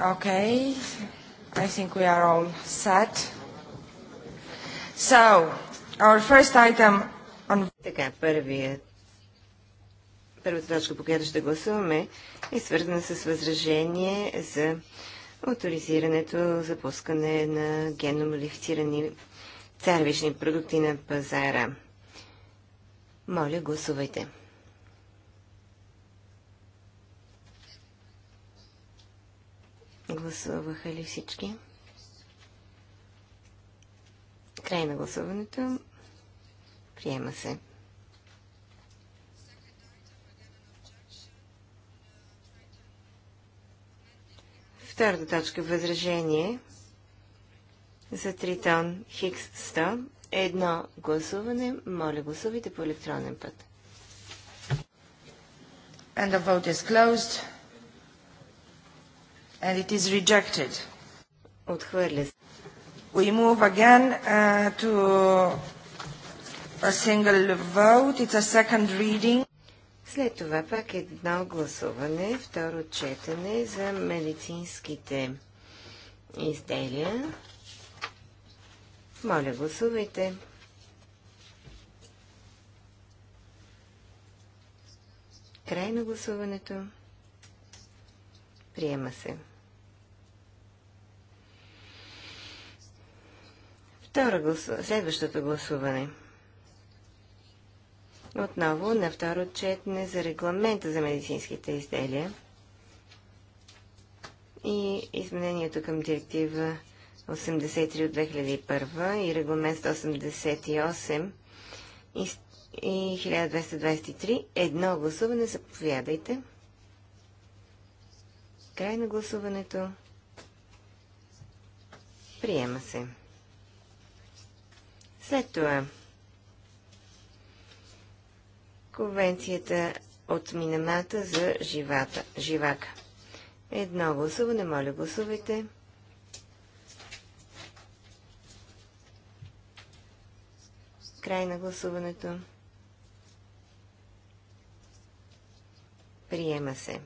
Okay, I think we are all set. So, our first item on... Така, първият първата точка, по която ще гласуваме, е свързана с възражение за авторизирането за пускане на генно модифицирани царвични продукти на пазара. Моля, гласувайте. Гласуваха ли всички? Край на гласуването. Приема се. Втората точка възражение за тритон Хикс 100. Едно гласуване. Моля гласувайте по електронен път. And the vote is closed and it is rejected. Отхвърля се. We move again uh, to a single vote. It's a second reading. След това пак едно гласуване, второ четене за медицинските изделия. Моля, гласувайте. Край на гласуването. Приема се. Второ гласуване. Следващото гласуване. Отново на второ четене за регламента за медицинските изделия и изменението към директива 83 от 2001 и регламент 188 и, и 1223. Едно гласуване. Заповядайте. Край на гласуването. Приема се. След това Конвенцията от Минамата за живата, живака. Едно гласуване, моля гласувайте. Край на гласуването. Приема се.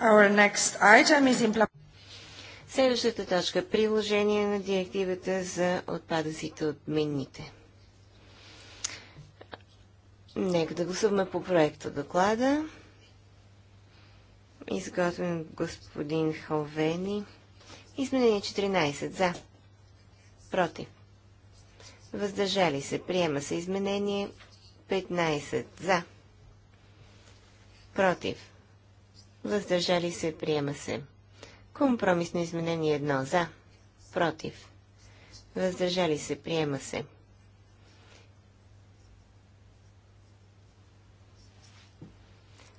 Is... Следващата точка – приложение на директивата за отпадъците от минните. Нека да гласуваме по проекта доклада. Изготвен господин Халвени. Изменение 14. За. Против. Въздържали се. Приема се изменение 15. За. Против въздържали се, приема се. Компромисно изменение едно за, против, въздържали се, приема се.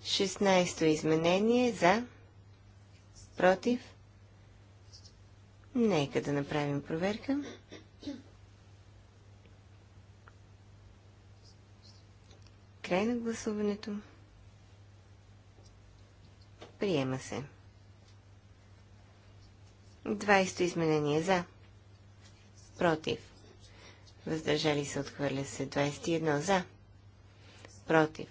Шестнайсто изменение за, против, нека да направим проверка. Край на гласуването. Приема се. 20 изменение за. Против. Въздържали се отхвърля се 21 за. Против.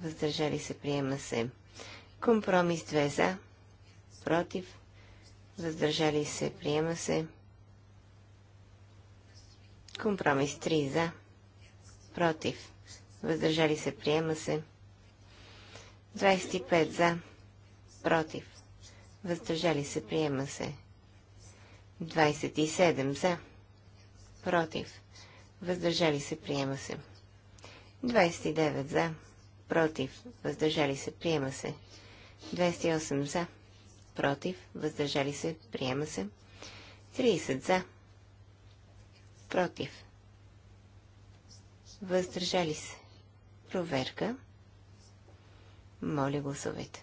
Въздържали се приема се. Компромис 2 за. Против. Въздържали се приема се. Компромис 3 за. Против. Въздържали се приема се. 25 за против, въздържали се, приема се. 27 за, против, въздържали се, приема се. 29 за, против, въздържали се, приема се. 28 за, против, въздържали се, приема се. 30 за, против, въздържали се. Проверка. Моля гласовете.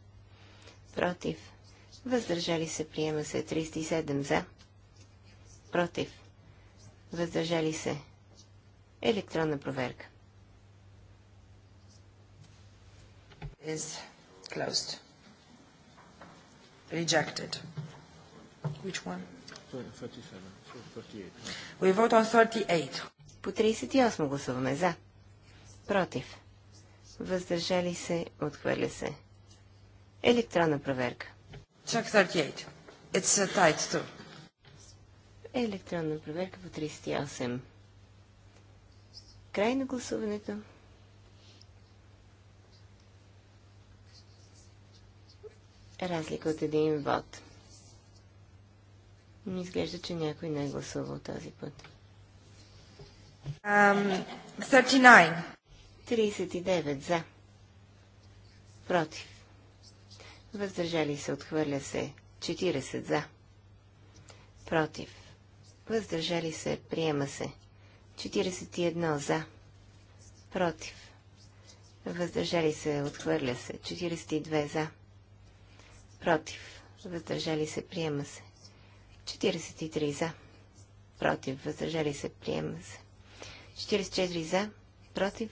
против, въздържали се, приема се 37 за, против, въздържали се, електронна проверка. Is closed. Rejected. Which one? 37. 38. We vote on 38. По 38 гласуваме за. Против. Въздържали се. Отхвърля се. Електронна проверка. Чак 38. It's a uh, tight too. Електронна проверка по 38. Край на гласуването. Разлика от един вод. Не изглежда, че някой не е гласувал този път. Um, 39. 39 за. Против въздържали се, отхвърля се 40 за, против, въздържали се, приема се 41 за, против, въздържали се, отхвърля се 42 за, против, въздържали се, приема се 43 за, против, въздържали се, приема се 44 за, против,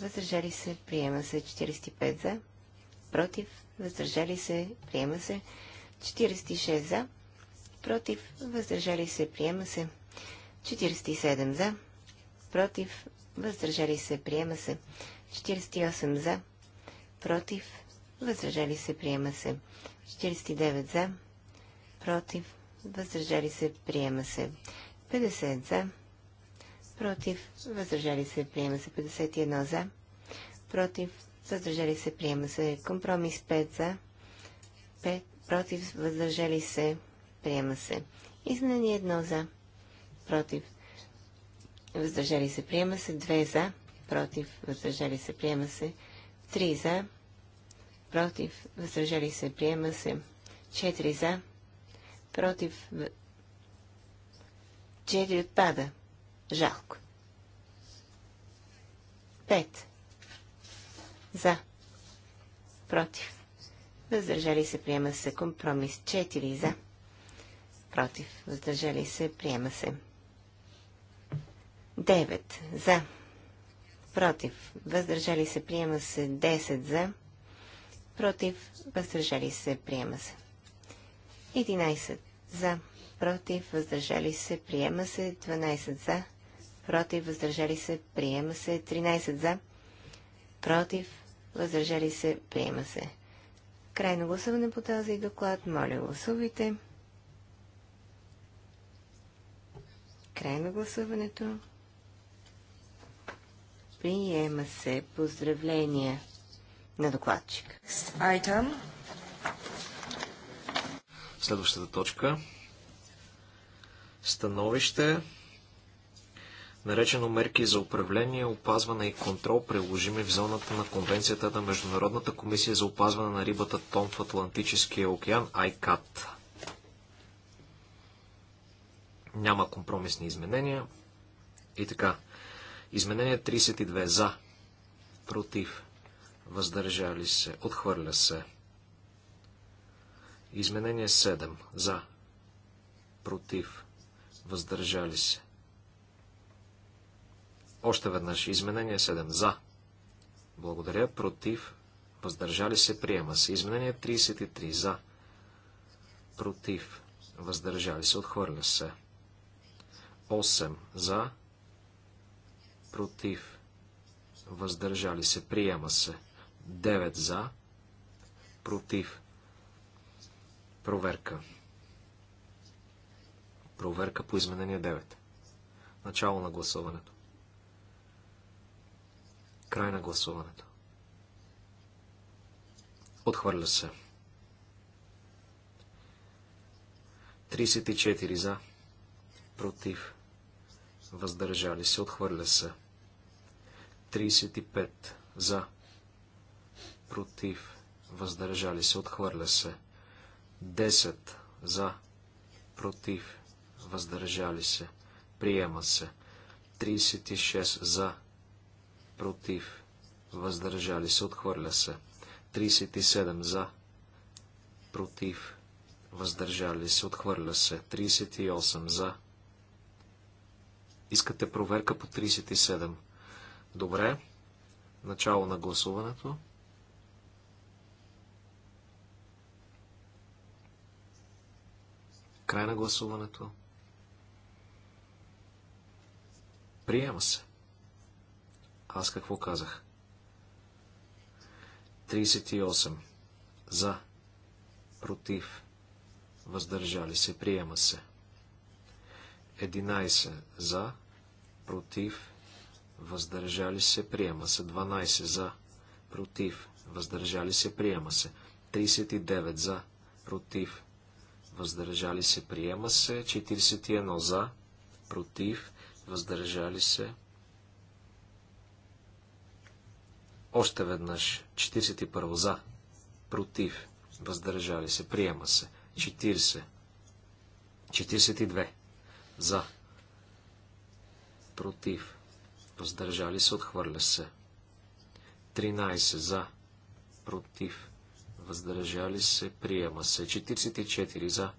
въздържали се, приема се 45 за, против, въздържали се, приема се. 46 за, против, въздържали се, приема се. 47 за, против, въздържали се, приема се. 48 за, против, въздържали се, приема се. 49 за, против, въздържали се, приема се. 50 за, против, въздържали се, приема се. 51 за, против, въздържали се, приема се. Компромис 5 за, 5 против, въздържали се, приема се. Изменение едно за, против, въздържали се, приема се. 2 за, против, въздържали се, приема се. 3 за, против, въздържали се, приема се. 4 за, против, 4 отпада. Жалко. 5 за. Против. Въздържали се, приема се. Компромис 4. За. Против. Въздържали се, приема се. 9. За. Против. Въздържали се, приема се. 10. За. Против. Въздържали се, приема се. 11. За. Против. Въздържали се, приема се. 12. За. Против. Въздържали се, приема се. 13. За. Против Въздържали се. Приема се. Крайно гласуване по този доклад. Моля, гласувайте. Крайно гласуването. Приема се поздравления на докладчик. Айтам. Следващата точка. Становище наречено мерки за управление, опазване и контрол, приложими в зоната на Конвенцията на Международната комисия за опазване на рибата Тон в Атлантическия океан, ICAT. Няма компромисни изменения. И така. Изменение 32. За. Против. Въздържали се. Отхвърля се. Изменение 7. За. Против. Въздържали се. Още веднъж. Изменение 7. За. Благодаря. Против. Въздържали се. Приема се. Изменение 33. За. Против. Въздържали се. Отхвърля се. 8. За. Против. Въздържали се. Приема се. 9. За. Против. Проверка. Проверка по изменение 9. Начало на гласуването. Край на гласуването. Отхвърля се. 34 за. Против. Въздържали се. Отхвърля се. 35 за. Против. Въздържали се. Отхвърля се. 10 за. Против. Въздържали се. Приема се. 36 за против, въздържали се, отхвърля се. 37 за, против, въздържали се, отхвърля се. 38 за. Искате проверка по 37. Добре. Начало на гласуването. Край на гласуването. Приема се. Аз какво казах? 38. За. Против. Въздържали се. Приема се. 11. За. Против. Въздържали се. Приема се. 12. За. Против. Въздържали се. Приема се. 39. За. Против. Въздържали се. Приема се. 41. За. Против. Въздържали се. Още веднъж. 41 за. Против. Въздържали се. Приема се. 40. 42. За. Против. Въздържали се. Отхвърля се. 13. За. Против. Въздържали се. Приема се. 44. За.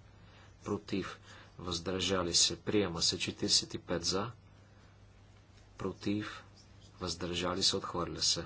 Против. Въздържали се. Приема се. 45. За. Против. Въздържали се. Отхвърля се.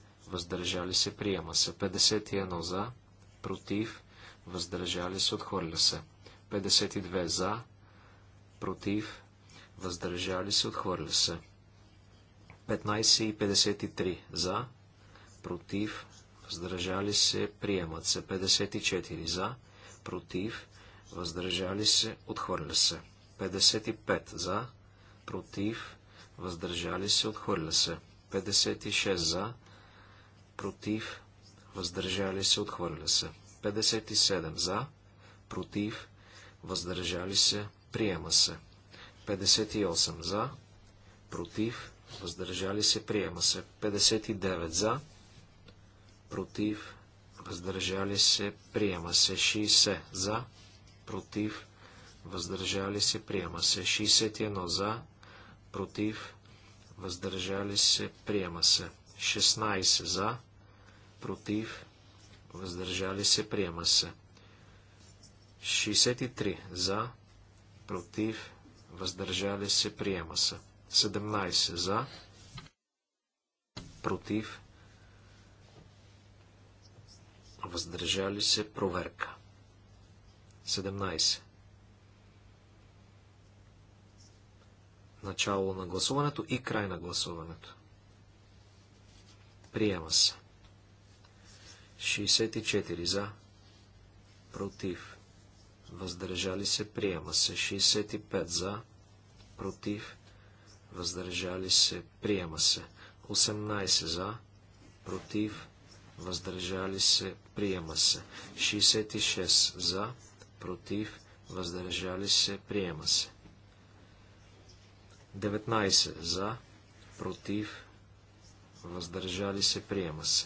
въздържали се, приема се. 51 за, против, въздържали се, отхвърля се. 52 за, против, въздържали се, отхвърля се. 15 и 53 за, против, въздържали се, приемат се. 54 за, против, въздържали се, отхвърля се. 55 за, против, въздържали се, отхвърля се. 56 за, против, въздържали се, отхвърля се. 57 за, против, въздържали се, приема се. 58 за, против, въздържали се, приема се. 59 за, против, въздържали се, приема се. 60 за, против, въздържали се, приема се. 61 за, против, въздържали се, приема се. 16 за, против, въздържали се, приема се. 63 за, против, въздържали се, приема се. 17 за, против, въздържали се, проверка. 17. Начало на гласуването и край на гласуването. Приема се. 64 за, против, въздържали се, приема се. 65 за, против, въздържали се, приема се. 18 за, против, въздържали се, приема се. 66 за, против, въздържали се, приема се. 19 за, против, въздържали се, приема се.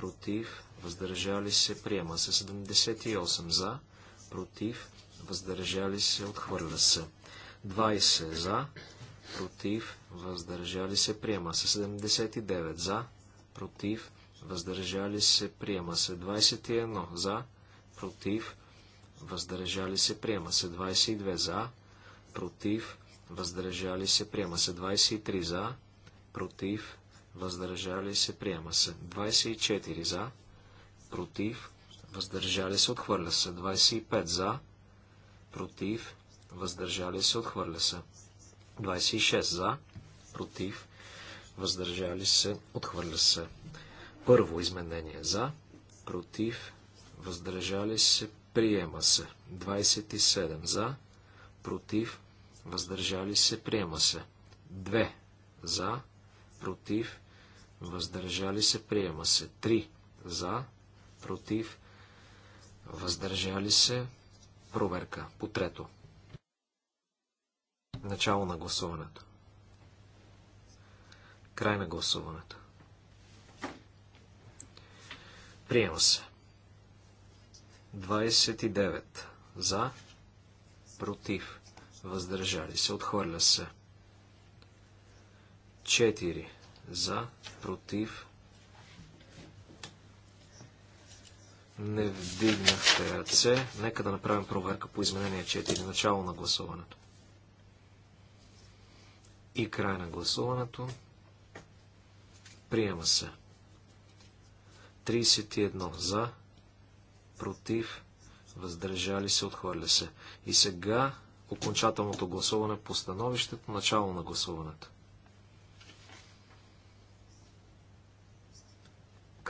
против, въздържали се, приема се. 78 за, против, въздържали се, отхвърля се. 20 за, против, въздържали се, приема се. 79 за, против, въздържали се, приема се. 21 за, против, въздържали се, приема се. 22 за, против, въздържали се, приема се. 23 за, против, въздържали се, приема се. 24 за, против, въздържали се, отхвърля се. 25 за, против, въздържали се, отхвърля се. 26 за, против, въздържали се, отхвърля се. Първо изменение за, против, въздържали се, приема се. 27 за, против, въздържали се, приема се. 2 за, против, въздържали се, приема се. 3 за, против, въздържали се, проверка по трето. Начало на гласуването. Край на гласуването. Приема се. 29 за, против, въздържали се, отхвърля се за, против. Не вдигнахте ръце. Нека да направим проверка по изменение 4. Начало на гласуването. И край на гласуването. Приема се. 31 за, против, въздържали се, отхвърля се. И сега окончателното гласуване по становището, начало на гласуването.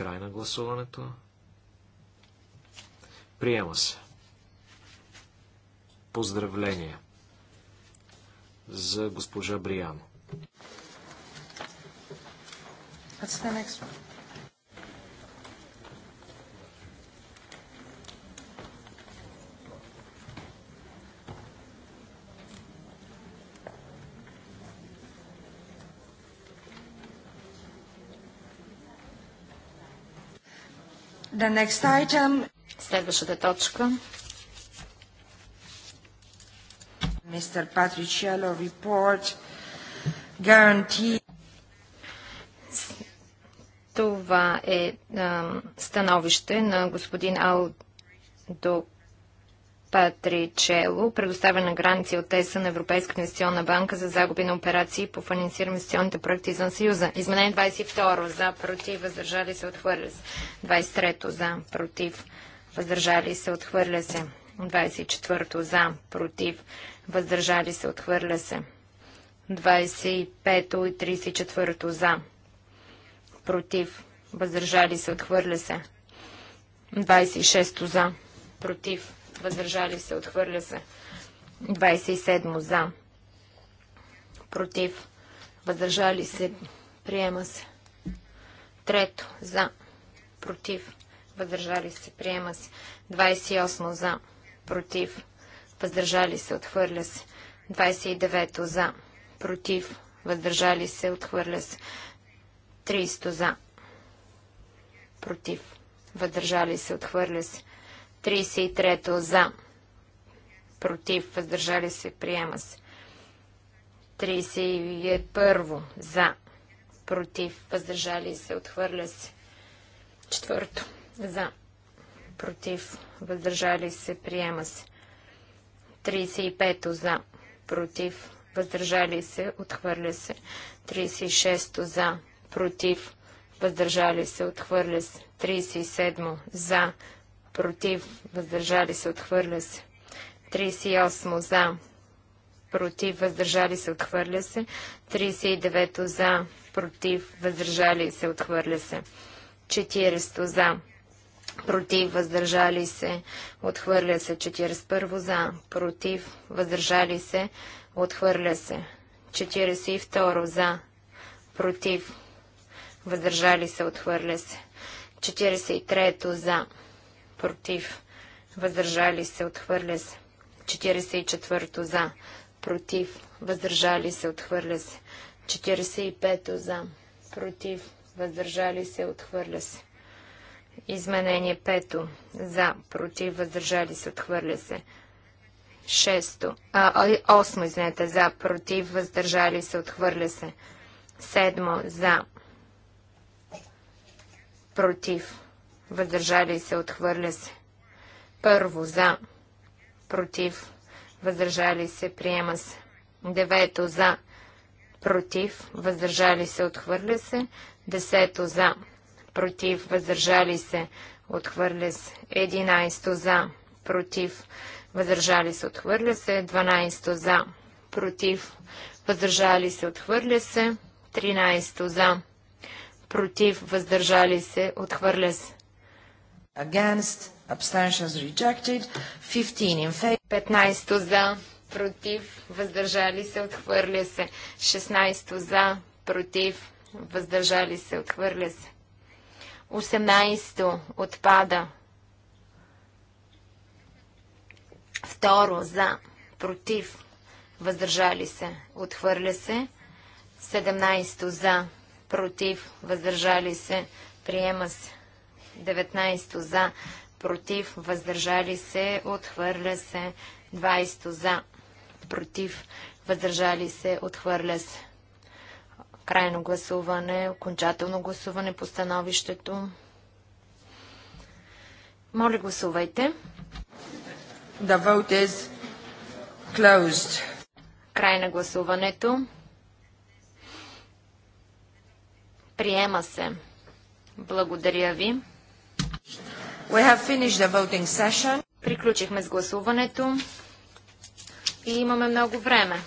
Край на гласуването. Приема се. Поздравление за госпожа Бриано. That's the next one. Item... Следващата точка. Мистер Patriciello репорт, гаранти. това е а, становище на господин Алдо Патричело, предоставя на граници от ЕСА на Европейска инвестиционна банка за загуби на операции по финансиране инвестиционните проекти извън Съюза. Изменение 22. За, против, въздържали се, отхвърля се. 23. За, против, въздържали се, отхвърля се. 24. За, против, въздържали се, отхвърля се. 25 и 34 за. Против. Въздържали се. Отхвърля се. 26 за. Против въздържали се, отхвърля се. 27 за, против, въздържали се, приема се. Трето за, против, въздържали се, приема се. 28 за, против, въздържали се, отхвърля се. 29 за, против, въздържали се, отхвърля се. 30 за, против, въздържали се, отхвърля се. 33 за. Против. Въздържали се. Приема се. 31 за. Против. Въздържали се. Отхвърля се. Четвърто. За. Против. Въздържали се. Приема се. 35 за. Против. Въздържали се. Отхвърля се. 36 за. Против. Въздържали се. Отхвърля се. 37 за против, въздържали се, отхвърля се. 38 за, против, въздържали се, отхвърля се. 39 за, против, въздържали се, отхвърля се. 40 за, против, въздържали се, отхвърля се. 41 за, против, въздържали се, отхвърля се. 42 за, против, въздържали се, отхвърля се. 43 за, против, въздържали се, отхвърля се. 44 за, против, въздържали се, отхвърля се. 45 за, против, въздържали се, отхвърля се. Изменение 5 за, против, въздържали се, отхвърля се. 6. А, 8, извинете, за, против, въздържали се, отхвърля се. 7 за, против, въздържали се, отхвърля се. Първо за, против, въздържали се, приема се. Девето за, против, въздържали се, отхвърля се. Десето за, против, въздържали се, отхвърля се. Единайсто за, против, въздържали се, отхвърля се. Дванайсто за, против, въздържали се, отхвърля се. Тринайсто за, против, въздържали се, отхвърля се. Against. Abstentions rejected. 15 in favor. 15 за. Против. Въздържали се. Отхвърля се. 16 за. Против. Въздържали се. Отхвърля се. 18 отпада. Второ за. Против. Въздържали се. Отхвърля се. 17 за. Против. Въздържали се. Приема се. 19 за, против, въздържали се, отхвърля се. 20 за, против, въздържали се, отхвърля се. Крайно гласуване, окончателно гласуване по становището. Моля, гласувайте. The vote is closed. Край на гласуването. Приема се. Благодаря ви. We have finished the voting session. Приключихме с гласуването и имаме много време.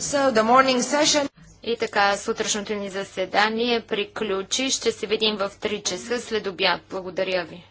So the morning session и така, сутрешното ни заседание приключи. Ще се видим в 3 часа след обяд. Благодаря ви.